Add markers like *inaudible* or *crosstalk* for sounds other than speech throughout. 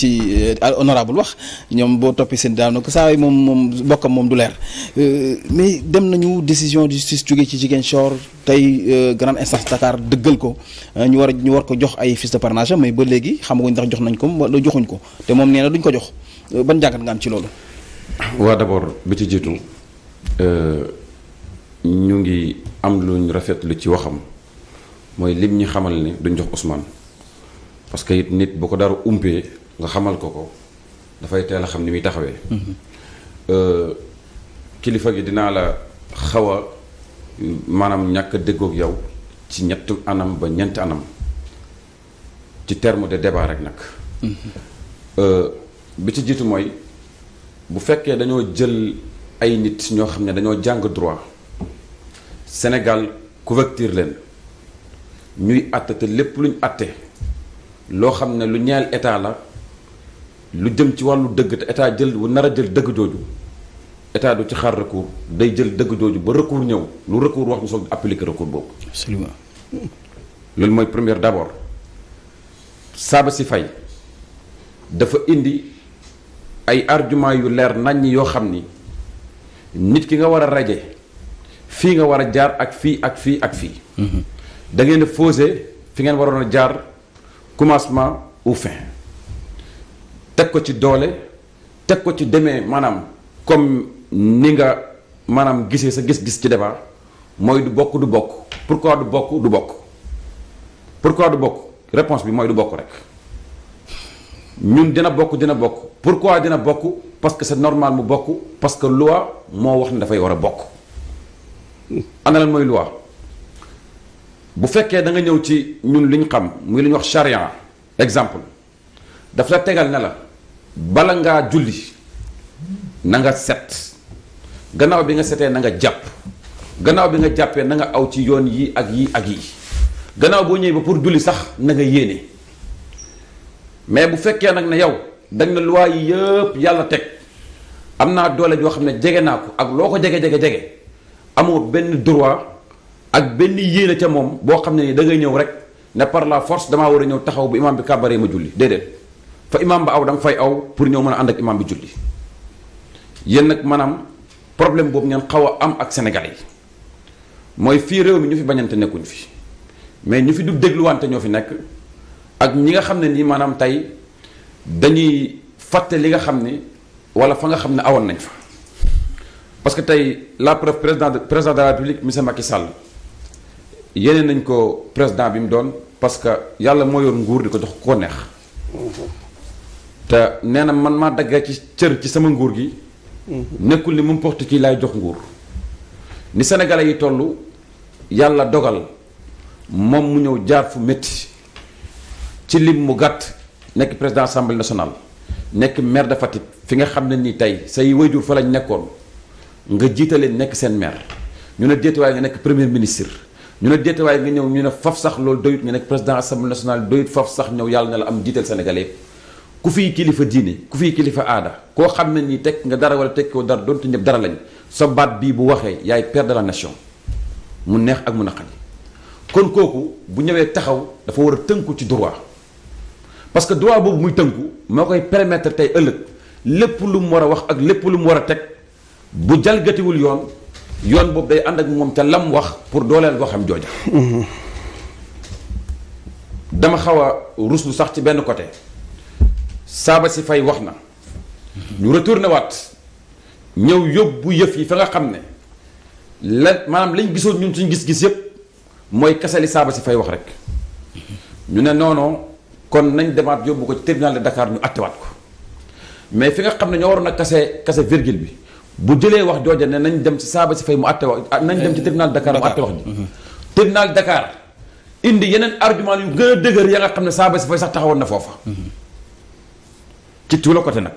ci euh, honorable wax ñoom boo toppee seen daanaka saa yi moom moom mbokkam moom du leer euh, mais dem nañu décision de justice jóge ci Ziguinchor tey euh, grande instance Dakar dëggal ko ñu war a ñu war ko jox ay fiches de parrainage mais ba léegi xamaguñ ndax jox nañ ko wala joxuñ ko te moom nee na duñ ko jox ban jàngat nga am ci loolu. waa d'abord bi ci jiitu ñu ngi am luñ rafetlu ci waxam mooy lim ñi xamal ne duñ jox Ousmane parce que it nit boo ko dara umpee. nga xamal ko ko dafay teel a xam ni muy taxawee. Mhm. Euh, kilifa gi dinaa la xawa a maanaam ñàkk a yow ci ñett anam ba ñeent anam ci terme de débat rek nag. Mhm. Euh, bi ci jiitu mooy bu fekkee dañoo jël ay nit ñoo xam ne dañoo jàng droit Sénégal couverture leen ñuy àtte te lépp luñ àtte loo xam ne lu ñeel état la. lu jëm ci wàllu dëgg te état jël wu nar a jël dëgg jooju état du ci xaar recours day jël dëgg jooju ba recours ñëw lu recours wax ñu soog appliquer recours boobu. loolu mooy première d'abord Saaba si fay dafa indi ay argument yu leer naññ yoo xam ni nit ki nga war a raje fii nga war a jaar ak fii ak fii ak fii. Mhm. da ngeen a fi ngeen waroon a jaar commencement ou fin. teg ko ci doole teg ko ci demee maanaam comme ni nga maanaam gisee sa gis-gis ci débat mooy du bokk du bokk pour quoi du bokk du bokk pourquoi du bokk réponse bi mooy du bokk rek ñun dina bokk dina bokk pour quoi dina bokk parce que c'est normal mu bokk parce que loi moo wax ni dafay war a bokk ana lan mooy loi bu fekkee da nga ñëw ci ñun liñ xam muy li ñu wax charia exemple daf la tegal ne la bala ngaa julli na nga set gannaaw bi nga setee na nga jàpp gannaaw bi nga jàppee na nga aw ci yoon yi ak yi ak yi gannaaw boo ñëwee ba pour julli sax nanga yéene mais bu fekkee nag ne yow dañ na loi yi yëpp yàlla teg am naa doole joo xam ne jege naa ko ak loo ko jege jege jege amoo benn droit ak benn yéene ca moom boo xam ne ni da ngay ñëw rek ne par la force damaa war a ñëw taxaw bu imaam bi kàbbaree ma julli déedéet. fa imaam ba aw da fay aw pour ñoo mën a ànd ak imaam bi julli yéen nag maanaam problème boobu ngeen xaw a am ak sénégalais yi mooy fii réew mi ñu fi bañante nekkuñ fi mais ñu fi du dégluwaante ñoo fi nekk ak ñi nga xam ne nii maanaam tey dañuy fàtte li nga xam ne wala fa nga xam ne awoon nañ fa parce que tey la preuve président de président de la république monsieur Macky Sall yeneen nañ ko président bi mu doon parce que yàlla mooy yoon nguur di ko jox ko neex mhm. te nee na man maa daggee ci cër ci sama nguur gi mhm. nekkul ni m'importe qui laay jox nguur ni sénégalais yi toll yàlla dogal moom mu ñëw jaar fu métti ci lim mu gàtt nekk président assemblée nationale nekk maire de Fatick fi nga xam ne nii tey say wayjur fa lañ nekkoon nga jiitaleen nekk seen maire ñu ne déetewaay nga nekk premier ministre ñu ne déetewaay nga ñëw ñu ne faf sax loolu doyut nga nekk président assemblée nationale doyut faf sax ñëw yàlla ne la am jiital sénégalais ku fiy kilifa diine ku fiy kilifa aada koo xam ne ni teg nga dara wala teg koo dara donte ñëpp dara lañ sa baat bii bu waxee yaay per de la nation mu neex ak mu naqari kon kooku bu ñëwee taxaw dafa war a tënku ci droit parce que droit boobu muy tënku moo koy permettre tey ëllëg lépp lu mu war a wax ak lépp lu mu war a teg bu jalgatiwul yoon yoon boobu day ànd ak moom ca lam wax pour dooleel goo xam jooja mm-hmm. dama xaw a ruslu sax ci benn côté saaba si fay wax na ñu retourné waat ñëw yóbbu yëf yi fa nga xam ne la maanaam lañ gisoon ñun suñ gis-gis yëpp mooy kasali saaba si fay wax rek ñu ne noonu kon nañ demaat yóbbu ko ci tribunal de Dakar ñu attewaat ko mais fi nga xam ne ñoo waroon a kase kase virgule bi bu jëlee wax jooja ne nañ dem ci saaba si fay mu atte wax nañ dem ci tribunal Dakar mu atte wax ji tribunal dakaar indi yeneen argument yu gën a dëgër ya nga xam ne saaba si fay sax taxawoon na foofa mm-hmm. ci tout le côté nag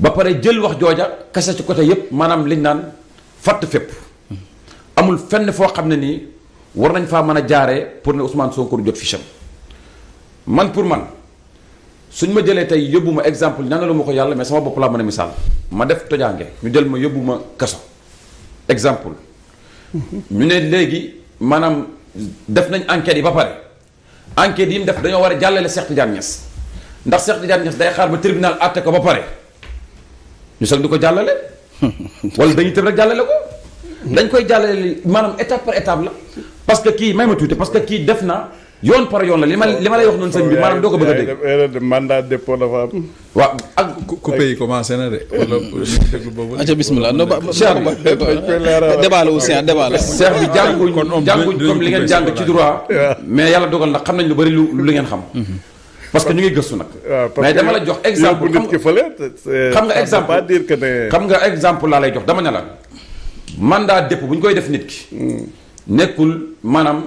ba pare jël wax jooja kese ci côté yépp maanaam liñ naan fatt fépp amul fenn foo xam ne nii war nañ faa mën a jaaree pour ne Ousmane Sonko du jot ficham man pour man suñ ma jëlee tey yóbbu ma exemple ñaanalu ma ko yàlla mais sama bopp laa mën a misaal ma def tojaange ñu jël ma yóbbu ma kaso exemple ñu ne léegi maanaam def nañ enquête yi ba pare enquête yi mu def dañoo war a jàllale Cheikh Tidiane Niass ndax Cheikh Tidiane day xaar ba tribunal àtte ko ba pare ñu soog di ko jàllale. wala dañuy tëb rek ko. dañ koy jàllale maanaam étape par étape la que kii tuuti parce que kii def na yoon par yoon li ma li ma lay wax noonu sëñ bi maanaam doo ko bëgg a dégg. erreur de mandat dépôt dafa am. waaw ak coupé yi commencé na de. wala déglu boobu. acca bismillah no ba jànguñ jànguñ comme li ngeen jàng ci droit. mais yàlla dogal ndax xam nañ lu bari lu li ngeen xam. Mm-hmm. parce que ñu ngi gëstu nag. Ah, mais dama la jox exemple xam nga exemple pas xam nga exemple laa lay jox dama ne la mandat dëpp bu ñu koy def nit ki. nekkul maanaam.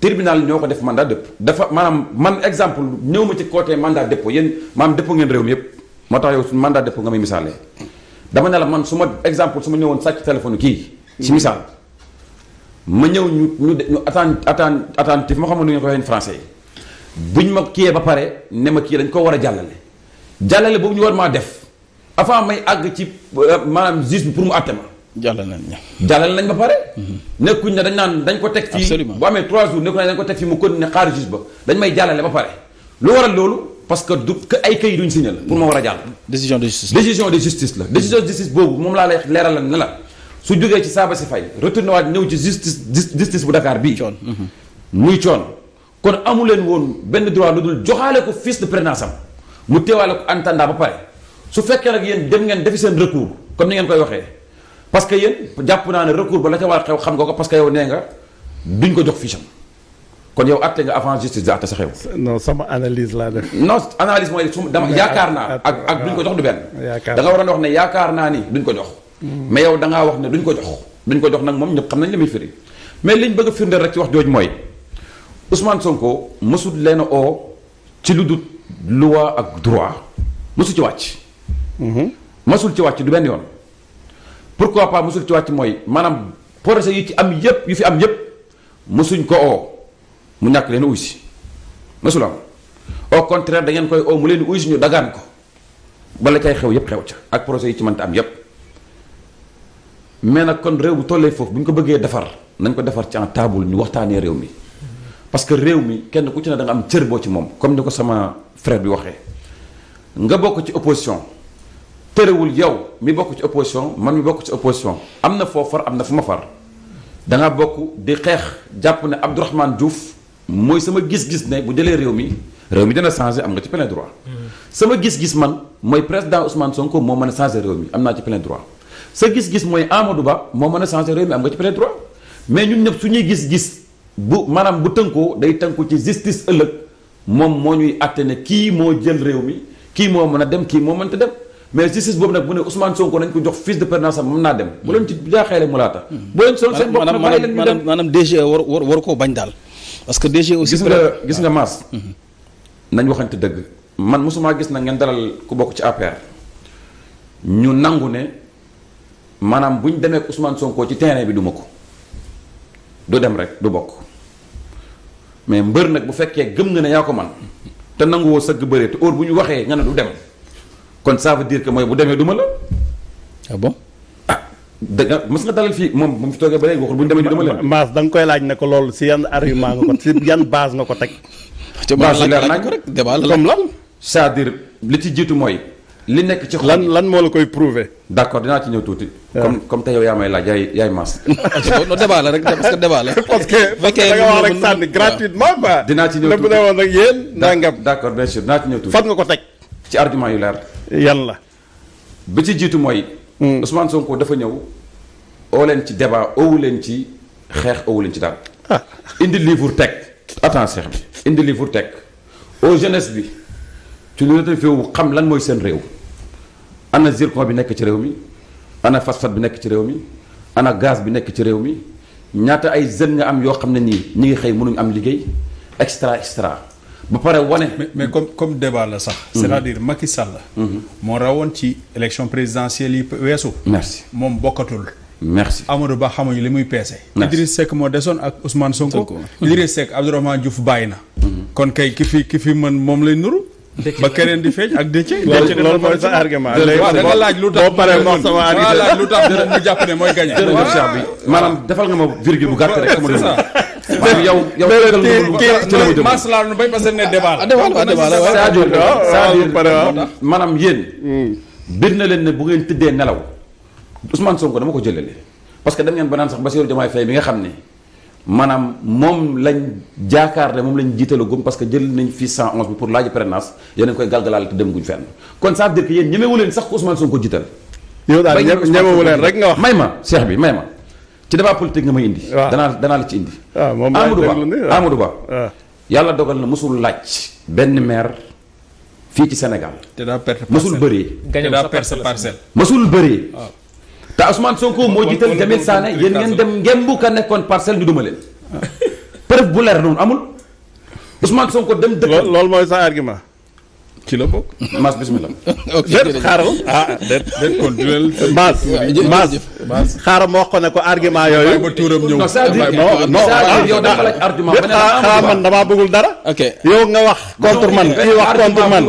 tribunal ñoo ko def mandat dëpp dafa maanaam man exemple ñëw ma ci côté mandat dépôt yéen maanaam dépôt ngeen réew mi yépp moo tax yow suñu mandat dépôt nga may misaalee dama ne la man su ma exemple su ma ñëwoon sàcc téléphone kii si misaal ma ñëw ñu ñu attend attend attentif ma xam ne nu ñu ko waxee français yi buñ ma kiyee ba pare ne ma kii dañ koo war a jàllale jàllale boobu ñu war maa def avant may àgg ci euh, maanaam juge bi pour mu àtte ma. jàllale nañ jàllale nañ ba pare. Mhm. nekkuñ ne dañ naan dañ ko teg fii. absolument bu amee 3 jours nekkuñ ne dañ ko teg fii mu continuer xaar juge ba dañ may jàllale ba pare lu waral loolu. parce que du ay kayit duñ signé la pour ma war a jàll. décision de justice la décision de justice la. décision de justice boobu moom laa lay leeralal ne la su jógee ci saaba si fay retourné waat ñëw ci justice justice bu Dakar bii. coon mhm. muy coon. kon amu leen woon benn droit lu dul joxaale ko fiche de prénance am mu teewaale ko antanda ba pare su fekkee nag yéen dem ngeen defi seen recours comme ni ngeen koy waxee parce que jàpp naa ne recours ba la ca war a xew xam nga ko parce que yow nee nga duñ ko jox fiche am kon yow àtte nga avant justice di àtte sa xew. non sama analyse laa def. non analyse mooy su dama yaakaar naa. ak ak duñ ko jox du benn. yaakaar da nga waroon wax ne yaakaar naa ni duñ ko jox. Mm. mais yow da ngaa ne duñ ko jox. duñ ko jox nag moom ñëpp xam nañ li muy bëgg a firndeel rek wax jooju mooy. Ousmane Sonko mësul leen o ci lu dul ak droit mësul ci wàcc. Mhm. mësul ci wàcc du benn yoon. pour pourquoi pas mësul ci wàcc mooy maanaam projet yi ci am yépp yu fi am yépp mësuñ ko oo mu ñàkk leen uy si mësul am au contraire da ngeen koy oo mu leen uy ñu dagaan ko bala cay xew yépp xew ca ak projet yi ci mënta am yépp mais nag kon réew bu tollee foofu bu ñu ko bëggee defar nañ ko defar ci en taabul ñu waxtaanee réew mi. parce que réew mi kenn ku ci ne da am cër boo ci moom comme ni ko sama frère bi waxee nga bokk ci opposition tërëwul yow mi bokk ci opposition man mi bokk ci opposition am na foo far am na fu ma far da nga bokk di xeex jàpp ne Abdourahmane juuf mooy sama gis-gis ne bu jëlee réew mi réew mi dina changé am nga ci plein droit. Mm-hmm. sama gis-gis man mooy président Ousmane Sonko moo mën a changé réew mi am naa ci plein droit sa gis-gis mooy Amadou Ba moo mën a changé réew mi am nga ci plein droit gis-gis. bu maanaam bu tënkoo day tënku ci justice ëllëg moom moo ñuy àtte ne kii moo jël réew mi kii moo mën a dem kii moo mënta dem mais justice boobu nag bu ne Ousmane Sonko nañ ko jox fiche de parrainage mën naa dem. bu leen ci jaaxee rek mu laata. boo leen sonn seen bopp nag bàyyi leen ñu dem war war war daal. parce que DG aussi. gis gis nga Mass. nañ dëgg. man mosuma gis na ngeen dalal ku bokk ci APR ñu nangu ne maanaam bu demee ak Ousmane Sonko ci terrain bi du ma ko du dem rek du bokk. mais mbër nag bu fekkee gëm nga ne yaa ko man te nanguwoo sëgg bëree te heure bu ñu waxee nga ne du dem kon ça veut dire que mooy bu demee duma la. ah bon. ah dëgg mës nga dalal fii moom bu mu fi toogee ba léegi waxul bu ñu demee duma la. Mass nga koy laaj ne ko loolu si yan argument nga ko si yan baas nga ko teg. ca base leer nañ ko rek débat la comme lan. c'est-à-dire li ci jiitu mooy. li nekk ci xol lan lan moo la koy prouver. d'accord dinaa ci ñëw tuuti. Ah. comme comme tey yaa may laaj yaay yaay mas. *laughs* non débat la rek parce que débat la. parce que parce que da nga wax rek sànni gratuitement quoi. dinaa ci ñëw tuuti lépp nag yéen nangam. d'accord bien sûr dinaa ci ñëw tuuti. fan nga ko teg. ci argument yu leer. yan la. bi ci jiitu mooy. Hmm. Ousmane Sonko dafa ñëw. oo leen ci débat owu leen ci xeex owu leen ci daal. Ah. indi livre teg. attention indi livre teg. au jeunesse bi. ci lu xam lan mooy seen réew. ana zircon bi nekk ci réew mi ana phosphate bi nekk ci réew mi ana gaz bi nekk ci réew mi ñaata ay jeunes nga am yoo xam ne nii ñu ngi xëy mënuñu am liggéey extra extra ba pare wane. mais comme comme débat la sax. Mhm. c'est-à-dire Macky Sall. Mhm. moo rawoon ci élection présidentielle yi weesu. merci moom bokkatul. merci Amadou Ba xamuñu li muy peese. merci Idriss Seck moo desoon ak Ousmane Sonko. Idriss Seck Abdourahmane Diouf bàyyi na. Mhm. kon kay ki fi ki fi mën moom lay nuru. ba keneen di feeñ ak dëcc. loolu mooy sa argument waaw da nga laaj mooy gagné. jërëjëf Cheikh bi maanaam defal nga ma virgule bu gàtt rek. c'est ça maanaam yow yow. *laughs* nu bay parce que ne débat la. c'est-à-dire maanaam yéen. Hmm. bir na leen ne bu ngeen tëddee nelaw Ousmane Sonko dama ko jëlale parce que dem ngeen ba naan sax Bassirou Diomaye Faye bi nga xam ni maanaam moom lañ jaakaarle moom lañ jiitalagum parce que jël nañ fii 111 bi pour laaj prénance yéen a ngi koy galgalaal te dem guñ fenn kon ça veut dire que yéen ñemewu leen sax ko Ousmane Sonko jiital. yow daal ñemewu leen rek nga wax may ma cheikh bi may ma ci débat politique nga may indi. waaw danaa danaa la ci indi. waaw ah, moom Amadou Ba Amadou Ba. Ah. yàlla dogal na mosul laaj benn maire fii ci Sénégal. te daa perte parcelle mosul bëree. te daa perte parcelle mosul bëree. Ah. te Ousmane Sonko moo jiital Jamil Sané yéen ngeen dem ngeen bu ka nekkoon parcelle ñu duma leen ah. preuve bu leer noonu amul Ousmane Sonko dem dëkk lool mooy sa argument ci la bokk. Mass bismillah. ok jërëjëf xaaral ah déet déet continuel. Mass Mass xaaral ma wax ko ne ko argument yooyu. ba tuuram ñëw. non non yow dafa laaj argument. xaaral man damaa bëggul dara. ok yow nga wax contre man kii wax contre man.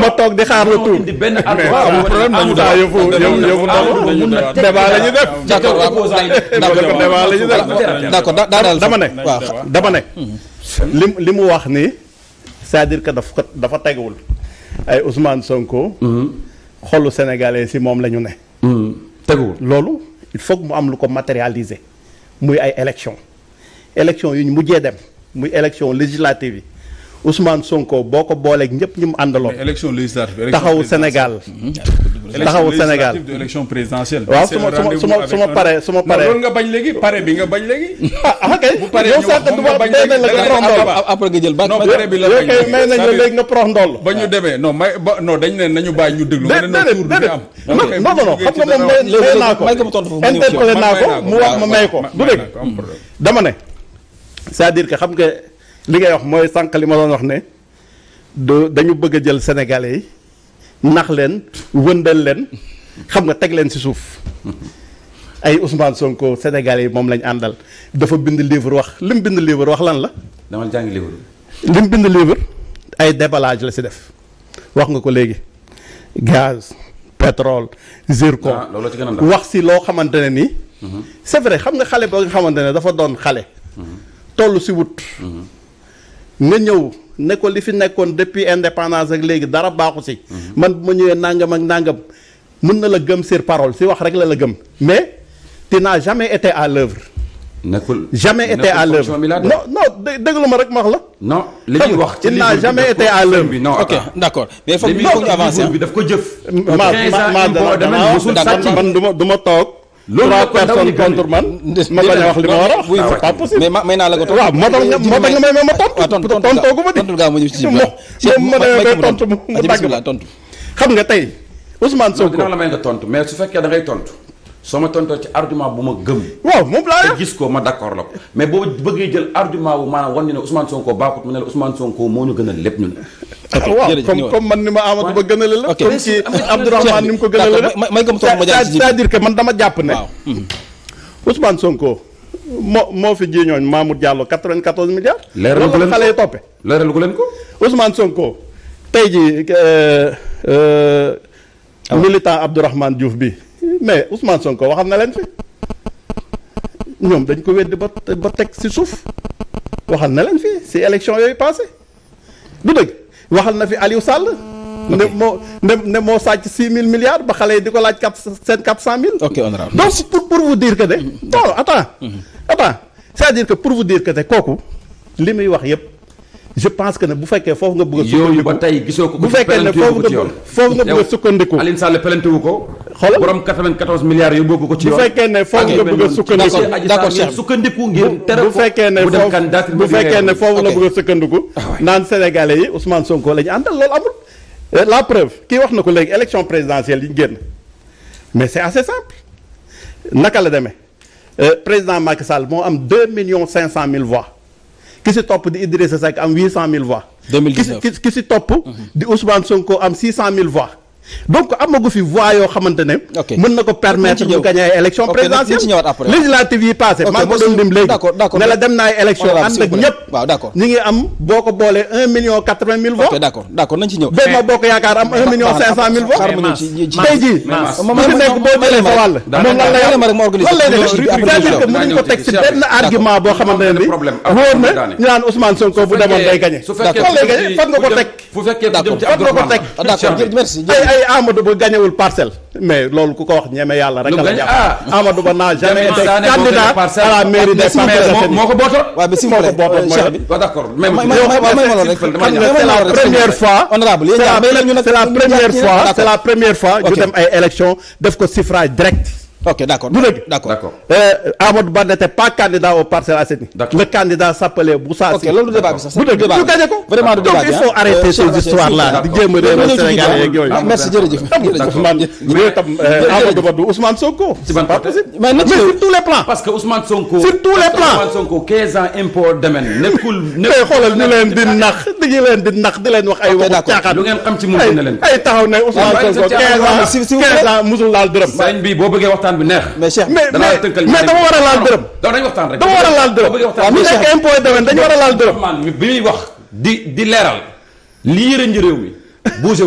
ma toog di xaar le tour. mais amul problème dañu daa yëfu yëfu yëfu ndax débat la ñu def. d'accord d'accord d'accord dama ne. dama ne. li mu wax nii. c'est-à-dire que dafa dafa tegwul ay Ousmane Sonko. Mm-hmm. xolu sénégalais si moom la ñu ne. Mm-hmm. teguwul loolu foog mu am lu ko matérialiser muy ay élection élection yu ñu mujjee dem muy élection législative yi Ousmane Sonko boo ko booleek ñëpp ñu mu àndaloon. élection législative taxawu Sénégal. Mm-hmm. taxawu Sénégal de élection présidentielle. waaw su ma su ma su ma paree su ma paree. loolu nga bañ léegi pare bi nga bañ léegi. ah, ah ok yow sànq du ma bañ nañ la nga jël baat non bi la bañ léegi may nañ la léegi nga prox ndool ba ñu demee non may ba non dañ ne nañu bàyyi ñu déglu. déedéet déedéet non non non xam nga moom may may naa ko interpellé naa ko mu wax ma may ko du dégg dama ne saa à dire xam nga li ngay wax mooy sànq li ma doon wax ne du dañu bëgg jël sénégalais yi nax leen wëndal leen xam nga teg leen si suuf ay Ousmane Sonko Sénégalais yi moom lañ àndal dafa bind livre wax lim bind livre wax lan la. dama jàng livre. lim bind livre ay déballage la ci def wax nga ko léegi gaz pétrole zircon. Ah, wax si loo xamante ne nii. Mhm. c'est vrai xam nga xale boo nga xamante ne dafa doon xale. Mhm. toll ci wut. Mhm. nga ñëw. ne li fi nekkoon depuis indépendance ak léegi dara baaxu si. man bu ma ñëwee nàngam ak nàngam mun na la gëm sur parole si wax rek la la gëm mais tu n'as jamais été à l'œuvre nekkul jamais été à l'œuvre non non déglu ma rek ma wax la. non li ñuy wax ci livre bi jamais été à l'œuvre ok d'accord mais il bi daf ko jëf. ma ma du ma du ma toog. loolu personne contre man ma bañ a wax li ma war ah, ma tontu. nga may ma ma tontoo gu ma di tontu gaa ma ñëw ci moom ma tontu mu dagg ma xam nga tey Ousmane Sonko dina su fekkee da ngay tontu soo ma tontoo ci argument bu ma gëm. waaw moom laa la gis ko ma d'accord la ko mais boo bëggee jël argument bu maanaam wan ñu ne Ousmane Sonko baaxut mu ne lépp ñun. ok comme comme man ni ma Amadou Ba gënale la. ok comme si Abdourahmane ni mu hmm. Sonko. moo moo fi ji ñooñ Mamour Diallo 94 milliards. leeralu ko leen ko xale yi toppe. leeralu ko leen ko. Ousmane Sonko tey jii euh, euh, ah. militant Abdourahmane Diouf bi mais Ousmane Sonko waxal na leen fi ñoom dañ ko wedd ba ba teg si suuf waxal na leen fi si élection yooyu passé du dëgg waxal na fi Aliou Sall. ne moo ne ne moo sàcc six mill milliards ba xale yi di ko laaj quatre seen quatre cent mille. ok honorable donc pour pour vous dire que de. Mm-hmm. non attends mm-hmm. attends c'est-à-dire pour vous dire que de kooku li muy wax yëpp. je pense que ne bu fekkee foofu nga bëgg a. sukkandiku yooyu ba bu fekkee ne foofu nga foofu nga bëgg a sukkandiku. Alioune Sall pelante wu ko. xoolal borom ko ci yoon. bu fekkee ne foofu nga bëgg a sukkandiku. d'accord sukkandiku bu fekkee ne foofu la bëgg sukkandiku. naan sénégalais yi Ousmane Sonko la ñu loolu amul. Euh, la preuve wax na ko léegi élection présidentielle yi ñu génn mais c'est assez simple naka la demee euh, président Macky Sall moo am 2 millions 500 mille voix ki si topp di Idrissa Seck am 800000 voix. 2019 ki si ki si topp. di Ousmane Sonko am 600000 donc amagu fi voix yoo xamante ne. na ko permettre mu gagner ay élection présidentielle législative yi passé maa ko doon lim léegi ne la dem naa ay élection ànd ak ñëpp waaw ngi am boo ko boolee un million quatre vingt mille voix ok d'accord d'accord nañ ci ñëw Benno Bokk Yaakaar am un million cinq cent mille boo jëlee sa moom lan lay am lan lay def c'est-à-dire que ko teg si benn argument boo xamante bi wóor na ñu naan Ousmane Sonko ay Amadou Ba gañewul parcelle mais loolu ku ko wax ñeme yàlla rek. la jàpp ah. Amadou Ba n'a jamais été candidat à la mairie des parcelles moo ko bootoon. waaw mais c'est la première fois. honorable c'est la première fois c'est ay élection def ko suffrage direct. ok d'accord du dëgg d'accord eh, Amadou Ba n'était pas candidat au Parcelles Assainies le candidat s'appelait Moussa Sy ok loolu débat bi sax bu dëgg ñu gagné ko vraiment du débat bi donc il faut arrêter euh, ces histoires là di jéem a réeral Sénégal yeeg yooyu ah, merci jërëjëf jërëjëf tam euh, Amadou Ba du Ousmane Sonko c'est pas possible mais sur tous les plans parce que Ousmane Sonko sur tous les plans Ousmane Sonko 15 ans impôt domaine nekkul nekkul xoolal ñu leen di nax di ñu leen di nax di leen wax ay waxu caaxaan lu ngeen xam ci moom dina leen ay taxaw ne Ousmane Sonko 15 ans 15 ans musul laal dërëm waxtaan bi neex. mais Cheikh mais mais dama war a laal dërëm. donc dañu waxtaan rek dama war a laal dërëm. waaw mi nekk impôt domaine dañu war a laal dërëm. bi muy wax di di leeral lii yëre njëriñ réew mi bougé